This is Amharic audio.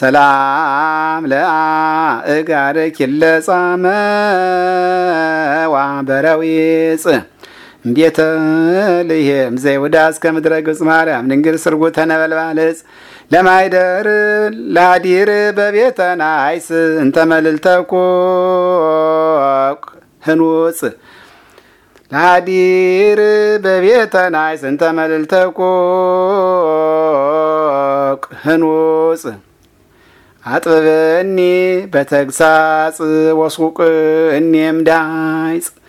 ሰላም ለአእጋርኪለ ጻመዋ በረዊጽ እምቤተ ልሔም ዘይውዳስ ከምድረ ግብፅ ማርያም ድንግል ስርጉ ተነበልባልጽ ለማይደር ላዲር በቤተ ናይስ እንተመልልተኩቅ ህንውፅ ላዲር በቤተ ናይስ እንተመልልተኩቅ ህንውፅ አጥበበኒ በተግሳጽ ወሱቅ እኔም ዳይጽ